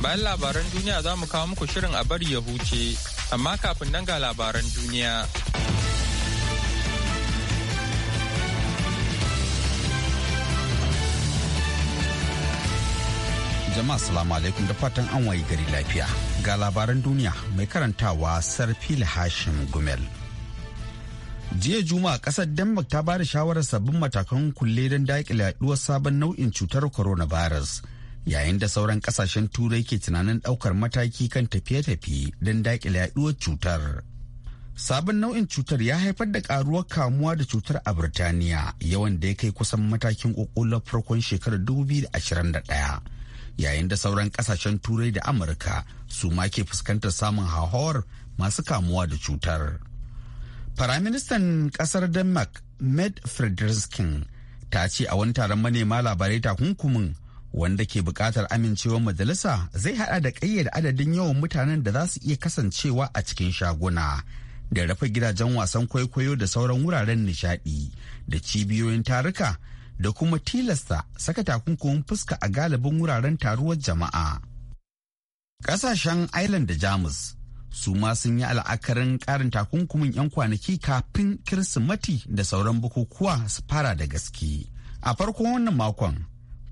Bayan labaran duniya za mu kawo muku shirin a bari ya huce, amma kafin nan ga labaran duniya. Jama'a salamu alaikum da fatan an wayi gari lafiya. Ga labaran duniya mai karantawa Sarfil Hashim Gumel. jiya juma'a kasar denmark ta ba da shawarar sabbin matakan kulle don daƙile yaduwar sabon nau'in cutar coronavirus. virus yayin da sauran kasashen turai ke tunanin daukar mataki kan tafiye-tafiye don daƙile yaduwar cutar sabon nau'in cutar ya haifar da karuwar kamuwa da cutar a birtaniya yawan da ya kai kusan matakin kokolar farkon shekarar 2021 yayin da sauran kasashen turai da amurka su ma ke fuskantar samun hauhawar masu kamuwa da cutar firaministan kasar denmark med frederiksen ta ce a wani taron manema labarai takunkumin wanda ke buƙatar amincewar majalisa zai hada da ƙayyade adadin yawan mutanen da za su iya kasancewa a cikin shaguna da rufe gidajen wasan kwaikwayo da sauran wuraren nishaɗi da cibiyoyin taruka da kuma tilasta saka takunkumin fuska a galibin wuraren taruwar jama'a. kasashen island da Jamus su ma sun yi al'akarin karin takunkumin 'yan kwanaki kafin Kirsimati da sauran bukukuwa su fara da gaske. A farkon wannan makon,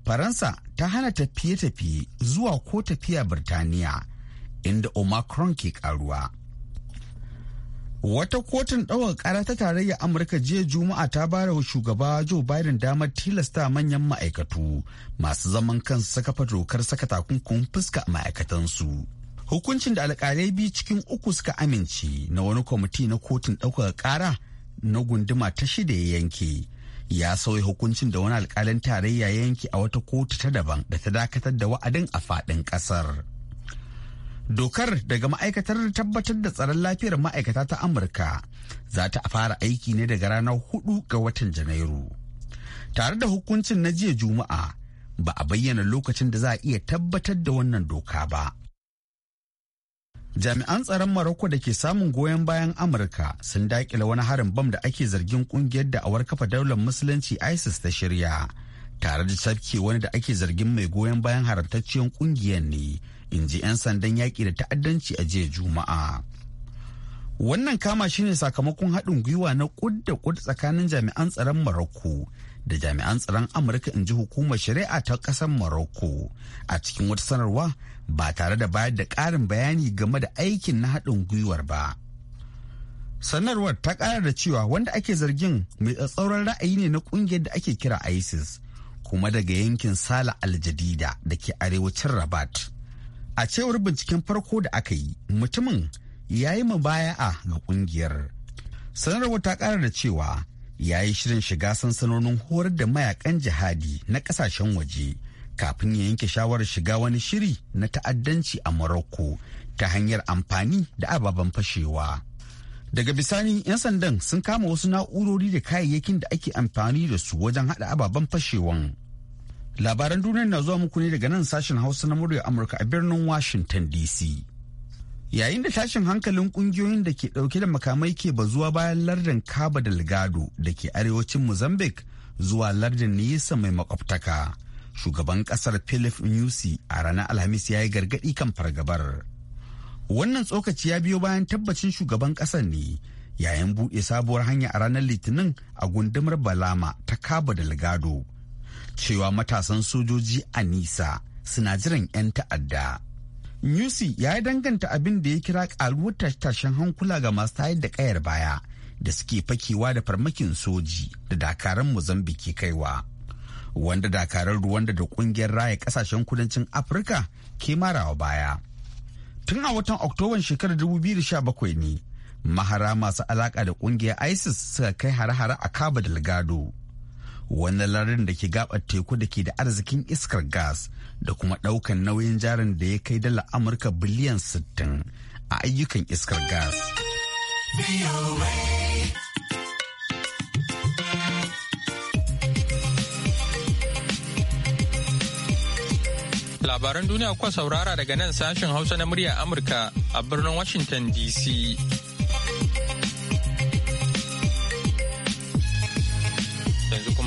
Faransa ta hana tafiye-tafiye zuwa ko tafiya Birtaniya inda Omicron ke karuwa. Wata kotun ɗaukar ƙara ta Tarayya Amurka jiya Juma'a ta bara wa shugaba Joe Biden damar tilasta manyan ma'aikatu masu zaman kan saka dokar saka takunkun fuska a ma'aikatansu. Hukuncin da alƙalai biyu cikin uku suka amince na wani kwamiti na kotun ɗaukar ƙara na gunduma ta shida ya yanke. ya sauya hukuncin da wani alkalin tarayya ya yanke a wata kotu ta daban da ta dakatar da wa'adin a faɗin ƙasar. Dokar daga ma'aikatar tabbatar da tsaron lafiyar ma'aikata ta Amurka za ta fara aiki ne daga ranar hudu ga watan Janairu. Tare da hukuncin na jiya Juma'a ba a bayyana lokacin da za a iya tabbatar da wannan doka ba. jami'an tsaron Maroko da ke samun goyon bayan Amurka sun dakile wani harin bam da ake zargin kungiyar da awar kafa daular musulunci ISIS ta shirya tare da tafke wani da ake zargin mai goyon bayan haramtacciyar kungiyar ne in ji 'yan sandan yaƙi da ta'addanci a jiya juma'a wannan kama shine sakamakon haɗin gwiwa na kud da kud tsakanin jami'an tsaron Maroko da jami'an tsaron amurka in ji hukumar shari'a ta ƙasar morocco a cikin wata sanarwa ba tare da bayar da ƙarin bayani game da aikin na haɗin gwiwar ba sanarwar ta ƙara da cewa wanda ake zargin mai tsatsauran ra'ayi ne na ƙungiyar da ake kira isis kuma daga yankin sala aljadida da ke arewacin rabat a cewar binciken farko da aka yi mutumin ya yi mabaya'a ga ƙungiyar sanarwar ta ƙara da cewa ya yi shirin shiga sansanonin horar da mayakan jihadi na kasashen waje kafin ya yanke shawarar shiga wani shiri na ta'addanci a Morocco ta hanyar amfani da ababen fashewa. Daga bisani 'yan sandan sun kama wasu na'urori da kayayyakin da ake amfani da su wajen hada ababen fashewan. Labaran duniya na zuwa muku ne daga nan sashen Hausa na murya Amurka a birnin Washington DC. yayin da tashin hankalin kungiyoyin da ke dauke da makamai ke bazuwa bayan lardin cabo delgado da ke arewacin mozambique zuwa lardin nisa mai makwabtaka shugaban kasar philip nyusi a ranar alhamis ya yi gargadi kan fargabar wannan tsokaci ya biyo bayan tabbacin shugaban kasar ne yayin buɗe sabuwar hanya a ranar litinin a gundumar balama ta cabo delgado cewa matasan sojoji a nisa suna jiran 'yan ta'adda Newsy ya yi danganta abin da ya kira ƙaruwar tashen hankula ga masu tayar da ƙayar baya da suke fakewa da farmakin soji da dakaran Mozambique kaiwa. Wanda dakaran ruwan da ƙungiyar raya ƙasashen kudancin Afirka ke marawa baya. Tun a watan Oktoban shekarar 2017 ne mahara masu alaƙa da ƙungiyar ISIS suka kai hare-hare a Cabo Delgado. wani larin da ke gabar teku da ke da arzikin iskar gas da kuma daukan nauyin jarin da ya kai dala amurka biliyan 60 a ayyukan iskar gas labaran duniya kuwa saurara daga nan sashen hausa na murya amurka a birnin washington dc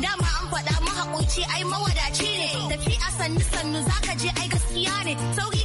dama an faɗa mahaƙoci ai mawadaci ne tafi a sannu sannu zaka je ai gaskiya ne sauki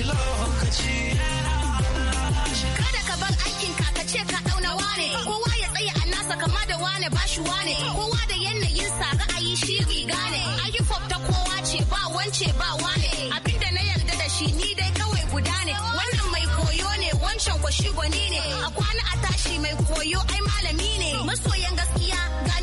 lokaci kada ka bar aikin ka ka ce ka dauna wane kowa ya tsaya a nasa kama da wane bashi wane kowa da yanayin sa ra'ayi shi riga ne ayyufab ta kowa ce ba wance ba wane abinda na yarda da shi ni dai kawai guda ne wannan mai koyo ne wancan kwashi gwani ne a kwana a tashi mai koyo ai malami ne masoyan gaskiya ga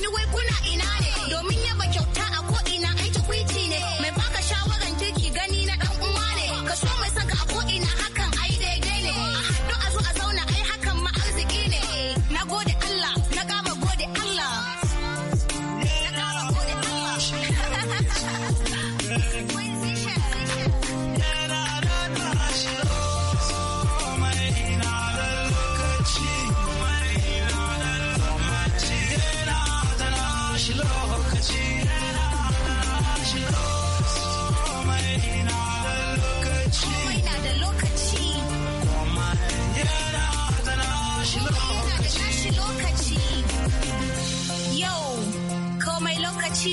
lokaci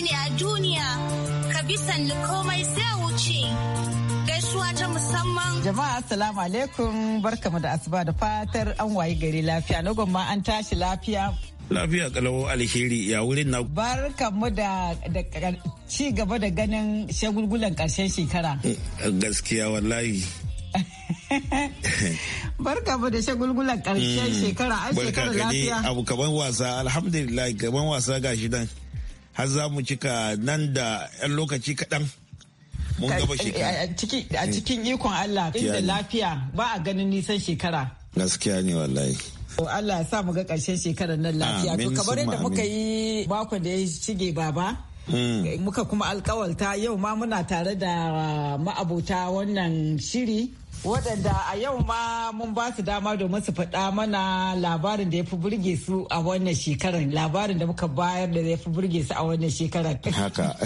ne a duniya ka bisan komai sai wuce gaisuwa ta musamman jama'a assalamu alaikum barkamu da asuba da fatar an wayi gari lafiya na gwamma an tashi lafiya Lafiya kalau alheri ya wurin na. Barka mu da ci gaba da ganin shagulgulan karshen shekara. Eh, gaskiya wallahi. Barka mu da shagulgulan karshen hmm. shekara an shekara lafiya. Abu kaman wasa alhamdulillah kaman wasa gashi nan. Har za mu cika nan da 'yan lokaci kaɗan. Mun gaba shekara. A hmm. cikin ikon Allah inda lafiya ba a ganin nisan shekara. Gaskiya ne wallahi. Allah ya sa mu ga ƙarshen shekarar nan lafiya. To kamar yadda muka yi makon da ya shige baba. Hmm. Muka kuma alkawalta yau ma muna tare da uh, ma'abota wannan shiri. waɗanda a yau ma mun ba su dama domin su faɗa mana labarin da ya fi burge su a wannan shekarar labarin da muka bayar da ya fi burge su a wannan shekarar haka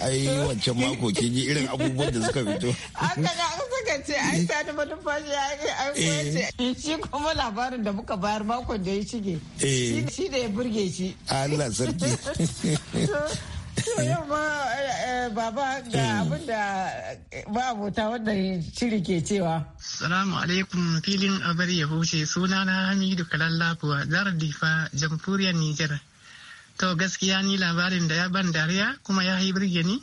ai wancan mako kin yi irin abubuwan da suka fito an kaga an suka ce ai ta da manufashi an kwace eh. shi kuma labarin da muka bayar makon da ya shige eh. shi da ya burge shi Allah sarki To yamma eh, eh, baba ga eh. abin da ba abota wanda shiri ke cewa. Salamu alaikum filin abar ya huce suna na Hamidu Kalallafuwa zarar difa jamhuriyar Nijar. To gaskiya ni labarin da ya ban dariya kuma ya yi birge ni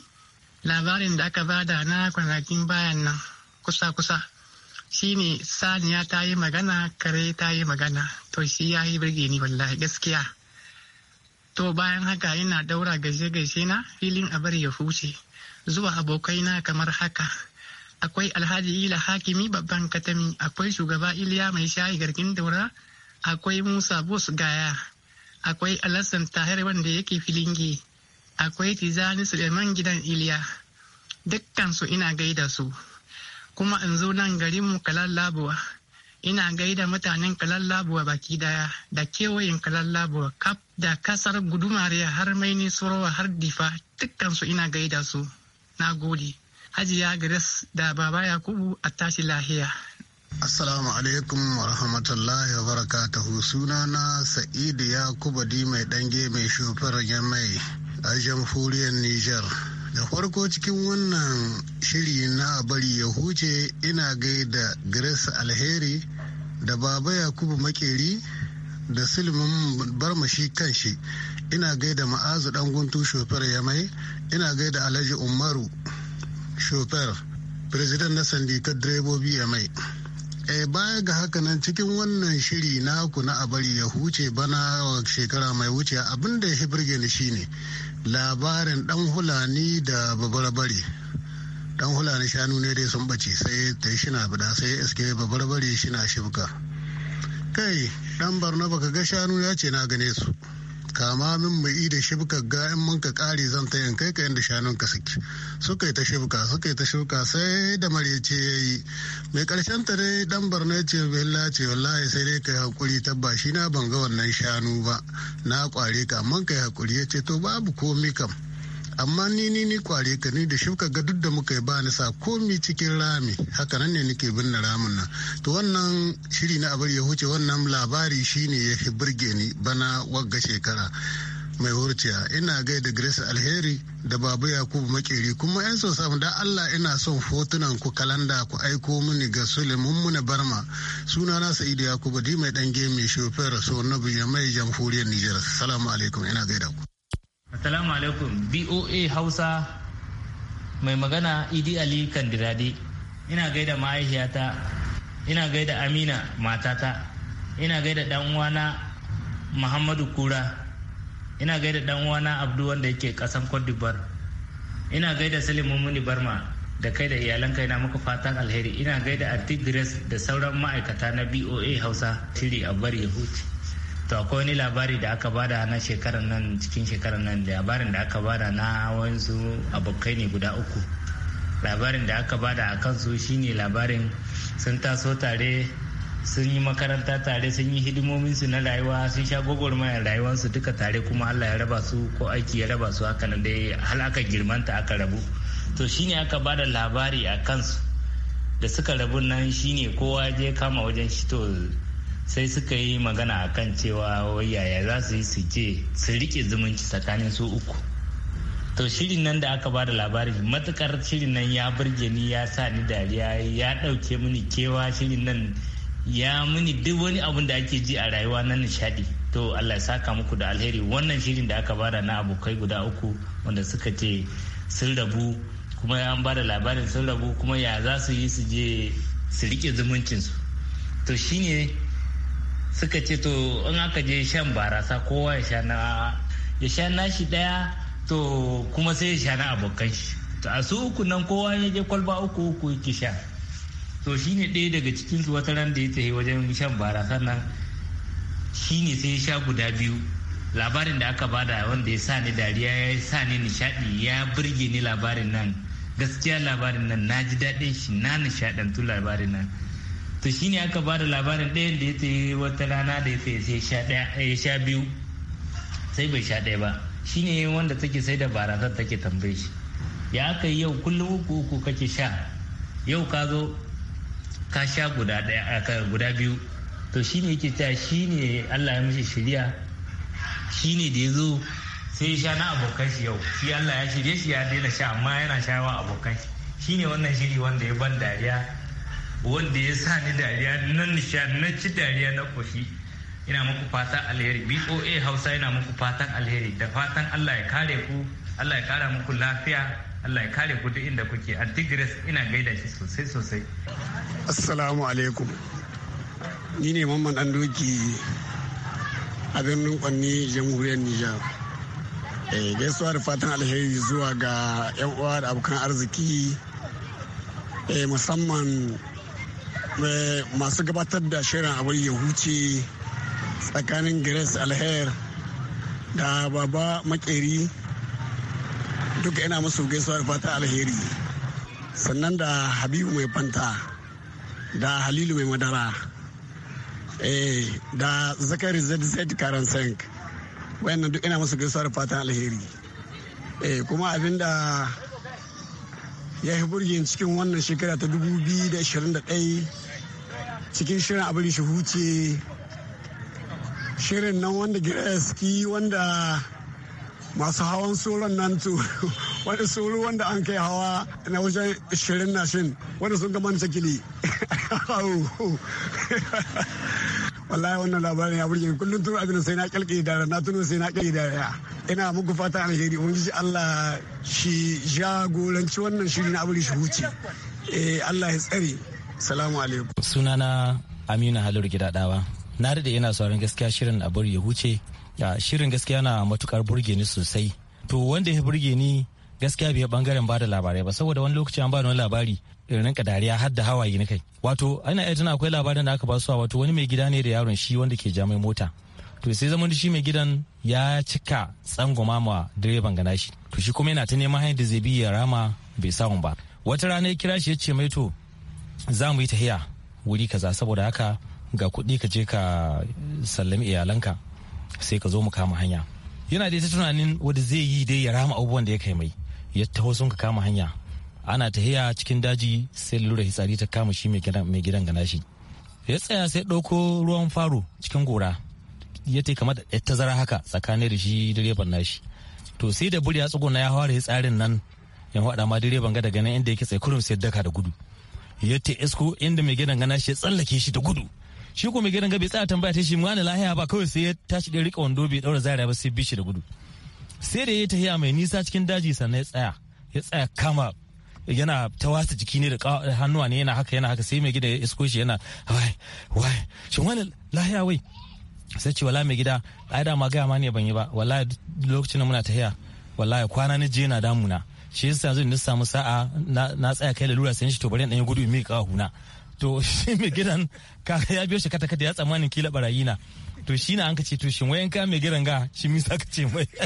labarin da aka bada na kwanakin bayan nan kusa-kusa shine saniya ta yi magana kare ta yi magana to shi ya yi birge ni wallahi gaskiya. To bayan haka ina daura gaishe-gaishe na filin a bari ya huce zuwa abokaina kamar haka. Akwai Alhaji Ila Hakimi babban katami, akwai shugaba Iliya mai shayi garkin daura, akwai Musa bus Gaya, akwai Alasan Tahir wanda yake filingi, akwai Tizani Suleiman gidan Iliya. Dukkansu ina gaida su. Kuma in zo nan garin mu kalan labuwa. ina gaida mutanen kalallabuwa baki daya da kewayen kalallabuwa kaf da kasar gudumariya har maini surowa har difa dukkansu ina gaida su na gode hajiya gres da baba yakubu a tashi lahiya Assalamu alaikum wa rahmatullahi wa barakatuhu sunana Sa'idu Yakubu di mai dange mai shofar mai a jamhuriyar niger Da farko cikin wannan shiri na bari ya huce ina gaida Grace Alheri da baba yakubu makeri da silmin barmashi kan shi ina gaida ma'azu dan guntu shofar ya mai ina gaida alhaji umaru shofar president na sandikar direbobi ya mai e eh, baya ga haka nan cikin wannan shiri naku na a bari ya huce bana wa shekara mai wuce abin da ya birge ni shine labarin dan hulani da babarabari dan hula na shanu ne dai sun bace sai ta yi shina bida sai ya babarbare shina shibka kai dan barna baka ga shanu ya ce na gane su kama min mai da shibka ga in mun ka kare zan ta kai ka inda shanun ka suke suka yi ta shibka suka yi ta shibka sai da ce ya yi mai karshen ta dai dan barna ce bella ce wallahi sai dai kai hakuri tabba shi na ban ga wannan shanu ba na kware ka amma kai hakuri ya ce to babu komi kam amma ni ni ni kware ka ni da shuka ga duk da muka yi ba ni sa komi cikin rami haka nan ne nake binne ramin nan to wannan shiri na abar ya huce wannan labari shine ya burge ni bana wagga shekara mai wurciya ina gaida grace alheri da babu yakubu makeri kuma yan son samu da allah ina son fotunan ku kalanda ku aiko mini ga sulemin muna barma suna na sa'idu yakubu di mai dan gemi shofar so na mai jamhuriyar nijar salamu alaikum ina gaida ku Assalamu alaikum BOA Hausa mai magana Idi Ali Kandirade ina gaida mahaifiyata ina gaida Amina matata ina gaida dan uwana Muhammadu Kura ina gaida dan uwana Abdu wanda yake kasan Cote d'Ivoire ina gaida Salimu Muni Barma da kai da iyalan kai na muku fatan alheri ina gaida Artigres da sauran ma'aikata na BOA Hausa tiri a bari ya huce to akwai wani labari da aka bada na shekarar nan cikin shekarar nan da labarin da aka bada na wasu abokai ne guda uku labarin da aka bada a kansu shine labarin sun taso tare sun yi makaranta tare sun yi hidimominsu na rayuwa sun sha gwagwarmayar rayuwarsu duka tare kuma allah ya raba su ko aiki ya raba su haka nan dai hal aka girmanta aka rabu to shine aka bada labari a kansu da suka rabu nan shine kowa je kama wajen shi to sai suka yi magana a kan cewa yaya za su yi su je su rike zumunci tsakanin su uku to shirin nan da aka bada labari matukar shirin nan ya burge ni ya sa ni dariya ya ɗauke mini kewa shirin nan ya mini duk wani abun da ake ji a rayuwa na nishadi to allah saka muku da alheri wannan shirin da aka bada na abokai guda uku wanda suka ce sun rabu kuma an bada labarin sun rabu kuma ya za su yi su je su rike zumuncinsu to shine suka ce to in aka je shan barasa kowa ya sha na ya sha nashi daya to kuma sai ya sha na abokan shi to a su uku nan kowa ya je kwalba uku uku yake sha to shine ɗaya daga cikin su wata ran da ya tafi wajen shan barasa nan shine sai ya sha guda biyu labarin da aka bada wanda ya sa ni dariya ya sa ni nishadi ya burge ni labarin nan gaskiya labarin nan na ji daɗin shi na nishadantu labarin nan to ne aka ba da labarin ɗayan da ya ta wata rana da ya sai eh, ya sha biyu sai bai sha ɗaya ba Shi ne wanda take sai da barasar take tambaye shi ya aka yi yau kullum uku uku kake sha yau ka zo ka sha guda ɗaya guda biyu to shi ne yake shi ne Allah ya mishi shirya ne da ya zo sai ya sha na abokan shi yau shi Allah ya shirye shi ya daina sha amma yana shawa abokan shi ne wannan shiri wanda ya ban dariya wanda ya sa ni dariya nan nisha na ci dariya na koshi ina muku fatan alheri boa hausa ina muku fatan alheri da fatan allah ya kare ku allah ya kara muku lafiya allah ya kare ku duk inda kuke antigres ina gaida shi sosai sosai assalamu alaikum ni ne mamman dan doki a birnin kwanni jamhuriyar nijar eh, gaisuwa da fatan alheri zuwa ga yan uwa da abokan arziki eh, musamman masu gabatar da shirin abin ya huce tsakanin grace alher da baba makeri duka ina musu gaisuwa da fata alheri sannan da habibu mai fanta da halilu mai madara eh, da zakari zz karen sank wayannan duk ina musu gaisuwa da fatan alheri eh, kuma abinda ya yi burgin cikin wannan shekara ta 2021 cikin shirin abin shi huce shirin nan wanda ski wanda masu hawan tsoron nan to wani tsoro wanda an kai hawa na wajen shirin na shin wanda sun gaban cikili wallahi wannan labarin ya burge kullum tun abin sai na kyalke da na tuno sai na kyalke da ina muku fata alheri ubangiji Allah shi jagoranci wannan shiri na abin shi huce eh, Allah ya tsare Salamu alaikum. Sunana Aminu Halilu Gidadawa. Na da yana sauran gaskiya shirin a bar ya huce. Shirin gaskiya na matukar burge ni sosai. To wanda ya burge ni gaskiya bai bangaren bada labarai ba saboda wani lokaci an bada wani labari irin ka dariya har da hawaye na kai. Wato ana iya tana akwai labarin da aka ba su wato wani mai gida ne da yaron shi wanda ke jamai mota. to sai zaman shi mai gidan ya cika tsangwama ma direban gana shi to shi kuma yana ta neman hanyar da zai bi ya rama bai samu ba wata rana ya kira shi ya ce mai to za mu yi tahiya wuri kaza saboda haka ga kuɗi ka je ka sallami iyalanka sai ka zo mu kama hanya yana da ta tunanin wanda zai yi dai ya rama abubuwan da ya kai mai ya taho sun ka kama hanya ana tahiya cikin daji sai lura hitsari ta kama shi mai gidan gana shi ya tsaya sai ɗauko ruwan faro cikin gora ya ta kama da tazara haka tsakanin da shi direban nashi to sai da buri ya tsuguna ya fara hitsarin nan ya haɗa ma direban gada daga nan inda yake tsaye kurum sai daka da gudu ya ta esko inda mai gidan gana shi ya tsallake shi da gudu shi ko mai gidan ga bai tsaya tambaya ta shi mwana lahiya ba kawai sai ya tashi da rika wando bai daura zaria ba sai bi shi da gudu sai da ya tahiya mai nisa cikin daji sannan ya tsaya ya tsaya kama yana ta wasa jiki ne da hannuwa ne yana haka yana haka sai mai gida ya isko shi yana wai wai shi mwana lahiya wai sai ce wala mai gida ai da ma gaya ma ne ban yi ba wallahi lokacin da muna tahiya wallahi kwana na je na damuna shi yasa yanzu na samu sa'a na tsaya kai lalura sai shi to bari dan ya gudu mi ka huna to shi mai gidan kaka ya biyo shi kata kata ya tsammanin kila barayi na to shi na an kace to shin wayan ka mai gidan ga shi mi sa kace mai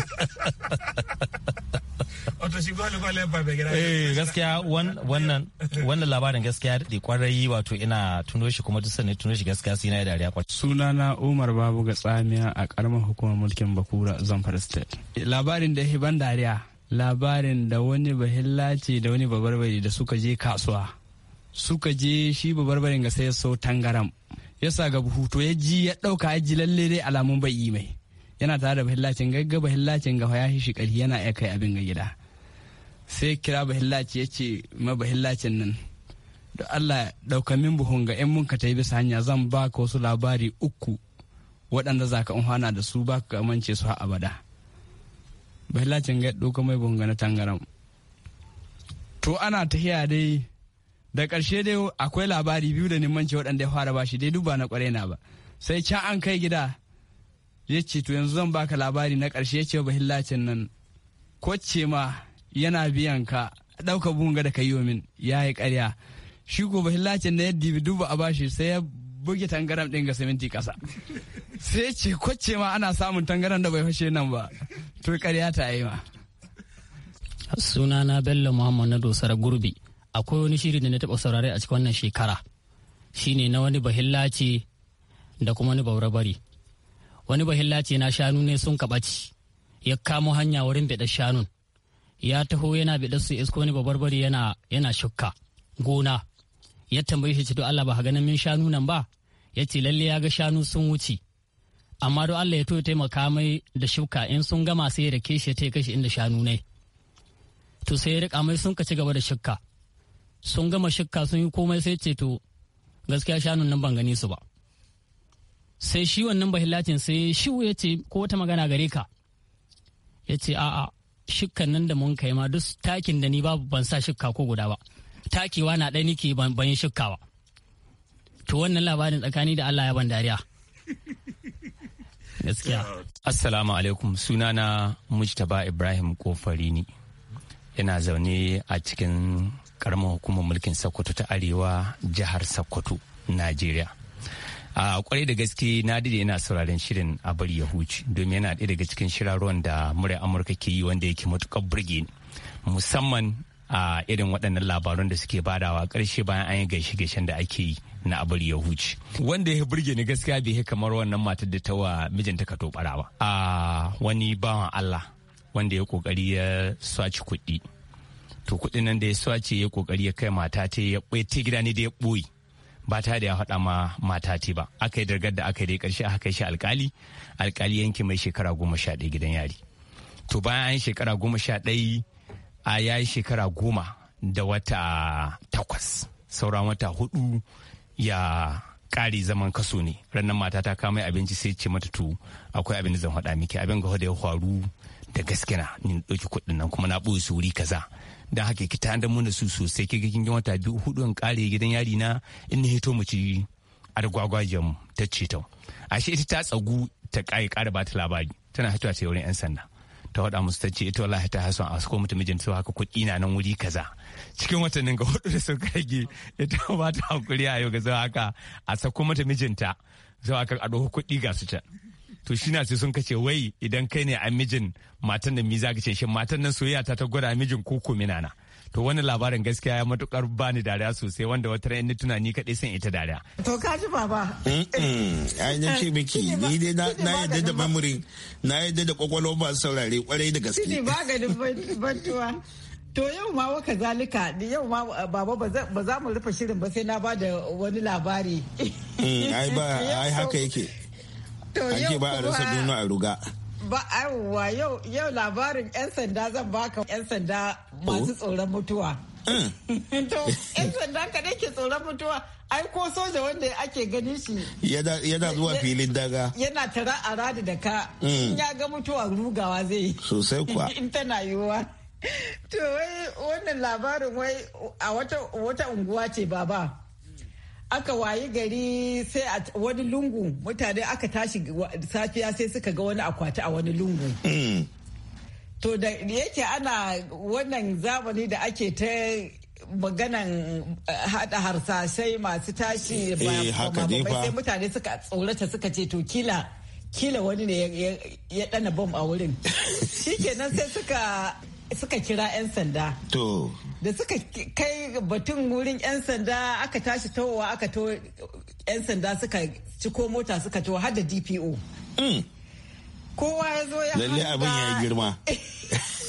wato shi gwale gwale ba mai gidan eh gaskiya wannan wannan labarin gaskiya da kwarai wato ina tuno shi kuma duk sanin tuno shi gaskiya sai na dariya kwarai sunana Umar Babu ga tsamiya a karamar hukumar mulkin Bakura Zamfara State labarin da ban dariya labarin da wani bahillaci da wani babarbari da suka je kasuwa suka je shi babarbarin ga sai so tangaram ya sa ga buhu to ya ji ya ɗauka ya ji lalle dai alamun bai mai yana tare da bahillacin gagga bahillacin ga ya shi ƙarfi yana iya kai abin ga gida sai kira bahillaci ya ce ma bahillacin nan da Allah min buhun ga ‘yan munka ta yi bisa hanya zan ba ka wasu labari uku waɗanda za ka da su ba ka amince su abada. bahilla ga ɗauka mai na tangaram to ana ta tahiya dai da ƙarshe dai akwai labari biyu da nimanci waɗanda ya fara bashi dai duba na ƙwarai na ba sai can an kai gida ya ce to yanzu zan baka labari na ƙarshe ya ce bahillacin nan ko ce ma yana biyan ka ɗauka bunga da ka min ya yi ƙarya shi ko bahillacin na yadda duba a bashi sai ya buge tangaram ɗin ga siminti ƙasa sai ce kwacce ma ana samun tangaran da bai fashe nan ba to ƙarya ta yi ma sunana bello muhammad na dosar gurbi akwai wani shiri da na taɓa saurare a cikin wannan shekara shine na wani bahillaci da kuma wani baure bari wani bahillaci na shanu ne sun kaɓaci ya kamo hanya wurin beɗa shanun ya taho yana beɗa su isko wani babarbari yana yana shukka gona ya tambaye shi ce to Allah ba ka ganin min shanu nan ba ya ce lalle ya ga shanu sun wuce amma don Allah ya to taimaka mai da shuka in sun gama sai ya rake shi ya taika shi inda shanu ne to sai ya rika mai sun ka ci gaba da shukka sun gama shukka sun yi komai sai ce to gaskiya shanun nan ban gani su ba sai shi wannan bahillacin sai shi ya ce ko wata magana gare ka ya ce a'a shukkan nan da mun kai ma duk takin da ni babu ban sa shukka ko guda ba takewa na ɗaya nike ban yi to wannan labarin tsakani da Allah ya ban dariya gaskiya assalamu alaikum sunana mujtaba ibrahim kofarini yana zaune a cikin karamar hukumar mulkin sokoto ta arewa jihar sokoto najeriya a kwarai da gaske na dade yana sauraren shirin a bari ya huce domin yana ɗaya daga cikin shiraruwan da murai amurka ke yi wanda yake matukar burge ni musamman a irin waɗannan labarun da suke badawa ƙarshe bayan an yi gaishe-gaishen da ake yi na abar ya wanda ya burge ni gaskiya bai yi kamar wannan matar da ta wa mijinta ka tobara ba a wani bawan Allah wanda ya kokari ya swaci kuɗi to kuɗin nan da ya swace ya kokari ya kai mata ta ya ta gida ne da ya ɓoye ba ta da ya faɗa ma mata ta ba aka yi dargar da aka yi dai ƙarshe aka shi alkali alkali yanki mai shekara goma sha ɗaya gidan yari to bayan an shekara goma sha ɗaya a ya shekara goma da wata takwas sauran wata hudu ya kare zaman kaso ne ranar mata ta kama abinci sai ce mata to akwai abin da zan faɗa miki abin ga ya faru da gaske na ni ɗauki kuɗin nan kuma na ɓoye su wuri kaza don haka ki ta da mana su sosai ki ga wata biyu hudu in ƙare gidan yari na in ni hito mu ci gwagwajen ta ce ta ashe ita ta tsagu ta ƙara ba ta labari tana a ta wurin 'yan sanda ta faɗa musu ta ce ita wallahi ta hason a ko mata mijin su haka kuɗi na nan wuri kaza cikin watannin ga hudu da suka rage ita ba ta hankuri a yau ga zuwa haka a sako mata mijinta zuwa haka a ɗauko kuɗi ga su can to shi na sai sun kace wai idan kai ne a mijin matan da mi za ka ce shin matan nan soyayya ta ta gwada mijin ko ko mina na to wani labarin gaskiya ya matukar bani dariya sosai wanda wata ran tuna ni kaɗai san ita dariya to ka ji baba ai na ce miki ni dai na yadda da mamuri na yadda da kwakwalwa ba saurare kwarai da gaske ne maganin bantuwa To yau ma waka zalika yau ma uh, baba ba za mu rufe shirin ba sai na ba da wani labari. Mm, ai ba ai haka yake. Ake ba a rasa nuna a ruga. ba aiwa yau yau labarin yan sanda zan baka yan sanda masu oh. tsoron mutuwa mm. to yan sanda kadai ke tsoron mutuwa ai ko soja wanda ake ganin shi yana zuwa filin daga yana tara a radi da ka mm. ya ga mutuwa rugawa zai yi sosai kuwa in tana yiwuwa to wai wannan labarin wai a wata unguwa ce baba aka wayi gari sai a wani lungu mutane aka tashi safiya sai suka ga wani akwati a wani lungu mm. to da yake ana wannan zamani da ake ta maganan eh, hada harsashai masu tashi eh, sai mutane suka tsorata suka ce to kila kila wani ne ya dana bom a wurin shikenan sai suka suka kira 'yan sanda. To. Da suka kai batun wurin 'yan sanda aka tashi towa aka to 'yan sanda suka ciko mota suka to har da DPO. Hmm. Kowa ya zo ya hada. abin ya girma.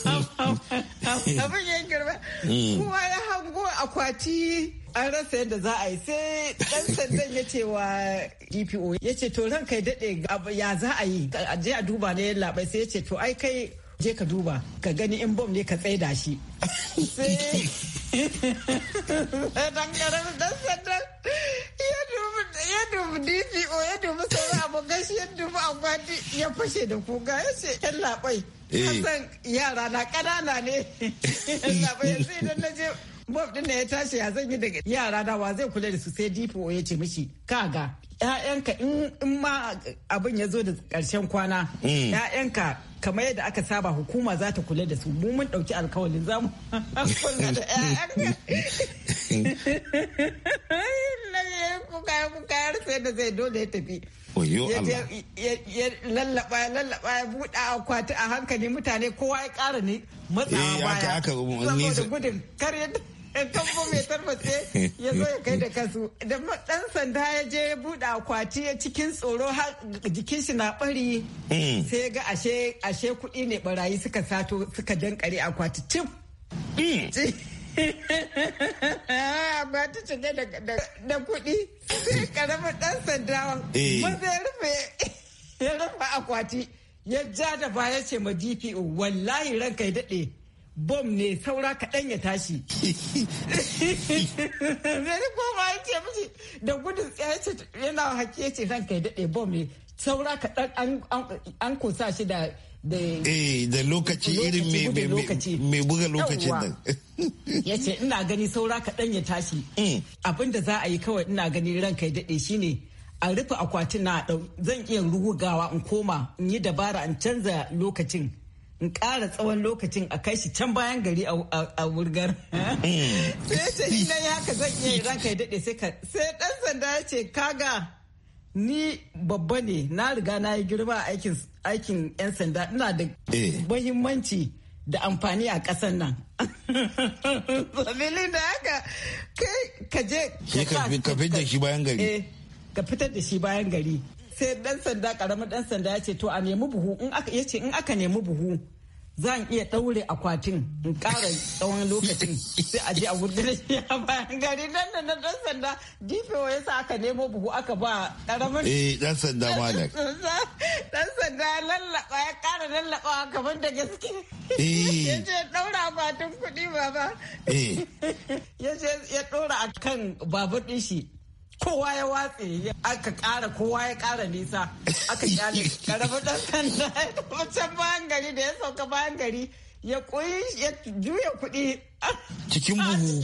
Abin ya girma. Hmm. Kowa ya hango akwati an rasa yadda za a yi sai dan sandan ya ce wa dpo e ya ce to ranka ya daɗe ya za a yi a je a duba ne labai sai ya ce to ai kai je ka duba ka gani in bom ne ka tsaida shi shi ya da kuga ya ce yan labai eh. ya tashi ya zan daga yara da wa zai kula da su sai dipo ya ce mishi kaga yayanka in ma abin ya zo da ƙarshen kwana yayanka mm. kamar yadda aka saba hukuma za ta kula da su mu mun dauki alkawalin za mu kayar sai da zai dole ya tafi ya lallaba lallaba ya buɗa akwati a hankali mutane kowa ya ƙara ne matsawa eh, baya saboda gudun kar yadda Eh, kambo mai tarbace ya zo ya kai da kasu da dan sanda ya je ya buɗe akwati ya cikin tsoro har jikin shi na bari hmm. sai ga ashe ashe kuɗi ne barayi suka sato suka dankare akwati cif hmm. ba ta shiga da kuɗi sai karamin dan sandawan eh. mun ya rufe ya rufe akwati ya ja da baya ce ma dpo wallahi ranka ya daɗe bom ne saura kaɗan ya tashi. Meri koma ya ce mishi da gudun tsaye yana hake ce ranka ya daɗe bom ne saura kaɗan an kusa shi da da eh, lokaci irin mai buga lokacin nan. Ya ce ina gani saura kaɗan ya tashi. Mm. Abinda da za a yi kawai ina gani ranka ya daɗe shine ne a rufe akwatin na zan iya rugawa in koma in yi dabara in canza lokacin in ƙara tsawon lokacin a kai shi can bayan gari a wurgar hmm. sai ce shi nan haka zan iya yi ranka ya daɗe sai ka sai ɗan sanda ya ce kaga ni babba ne na riga na yi girma a aikin 'yan sanda ina da eh. muhimmanci da amfani a ƙasar nan. Sabilin da haka kai ka je ka fitar da shi eh, Ka fitar da shi bayan gari. sai dan sanda karamin dan sanda ya ce to a nemi buhu in aka yace in aka nemi buhu zan iya daure akwatin in kara tsawon lokacin sai a je a da shi a bayan gari dan da na dan sanda dpo ya sa aka nemo buhu aka ba karamin eh dan sanda malak dan sanda ya lallaba ya kara lallaba kamar da gaske eh yace daura akwatin kudi baba eh yace ya daura akan babu din shi kowa ya watse aka ƙara kowa ya ƙara nisa aka kyale karamin ɗan sanda wancan bayan gari da ya sauka bayan gari ya koyi ya juya kuɗi cikin buhu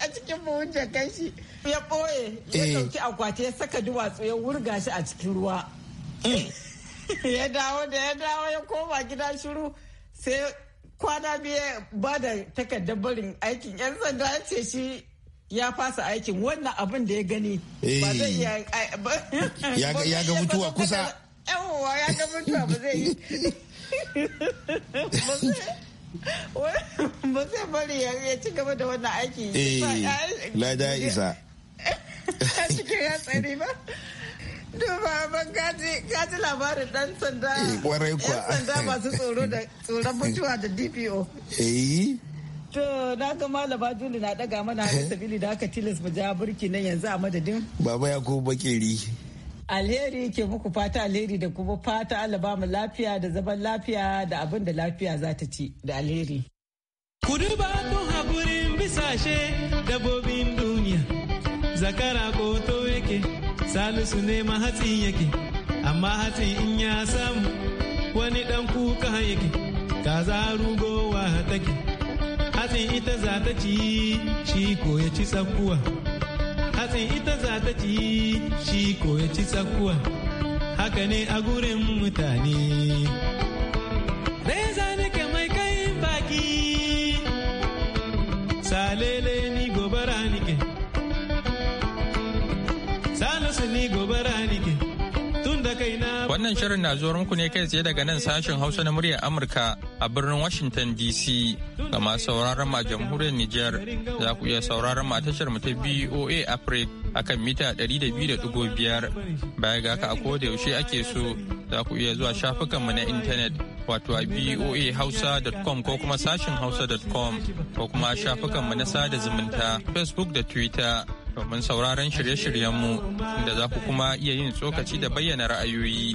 a cikin buhun jakan shi ya ɓoye ya eh. ɗauki akwati ya saka duwatsu ya wurga shi a cikin ruwa mm. ya dawo da ya dawo ya koma gida shiru sai kwana biyu ba da takardar barin aikin yan sanda ya ce shi ya fasa aikin wannan abin da ya gani ba zai eh. iya ya ga mutuwa kusa yawowa ya ga mutuwa ba zai yi ba zai bari ya ci gaba da wannan aiki eh, lada isa a cikin hatsari ba Duba ban gaji labarin dan sanda. Kwarai eh, kwa. sanda masu tsoro da tsoron mutuwa da DPO. Eh. To na ga malama Juli na daga mana eh? hannun sabili da aka tilas mu ja burki nan yanzu a madadin. Baba ya kuma bakeri. Alheri ke muku fata alheri da kuma fata Allah ba mu lafiya da zaman lafiya da abin da lafiya za ta ci da alheri. Kudu ba tun haƙurin bisashe dabobin duniya. Zakara ko to yake, salisu ne ma hatsi yake, amma hatsi in ya samu wani ɗan kuka yake, kaza rugowa take. hatsin ita za ta ci shi ko ya ci tsakuwa hatsin ita za ta ci shi ko ya ci tsakuwa haka ne a gurin mutane ka salele ni gobara nike salisu ni gobara Wannan shirin na zuwa muku ne kai tsaye daga nan sashen Hausa na muryar Amurka a birnin Washington DC ga masu sauraron ma jamhuriyar Nijar za ku iya sauraron ma tashar mu ta BOA Africa akan mita 200.5 baya ga ka a koda yaushe ake so za ku iya zuwa shafukan mu na intanet wato a hausa.com ko kuma sashen hausa.com ko kuma shafukanmu na sada zumunta facebook da twitter domin sauraron shirye-shiryenmu da za ku kuma iya yin tsokaci da bayyana ra'ayoyi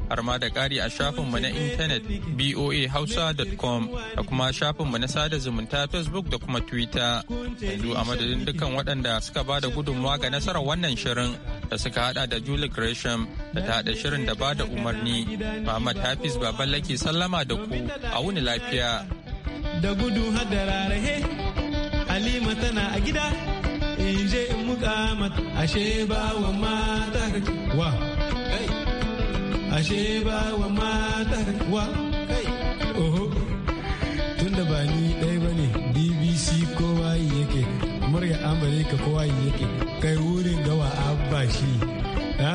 har ma da ƙari a shafinmu na intanet boahausa.com da kuma shafinmu na sada zumunta facebook da kuma twitter yanzu a madadin dukkan waɗanda suka ba da gudunmawa ga nasarar wannan shirin da suka haɗa da julie gresham da ta hada shirin da ba da umarni muhammad hafiz laki sallama da ku a wuni lafiya da gudu hadarare halima tana a gida in je in muka ashe bawa mata wa ashe ba wa matar wa kai oho tunda ba ni ɗaya ba ne bbc kowa yi yake murya amurka kowa yi yake kai wurin gawa abba shi ha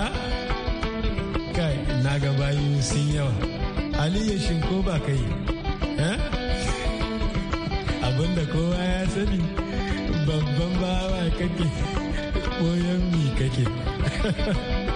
kai na ga bayu sun yawa aliyu shin ko ba kai abinda kowa ya sani babban bawa kake boyan mi kake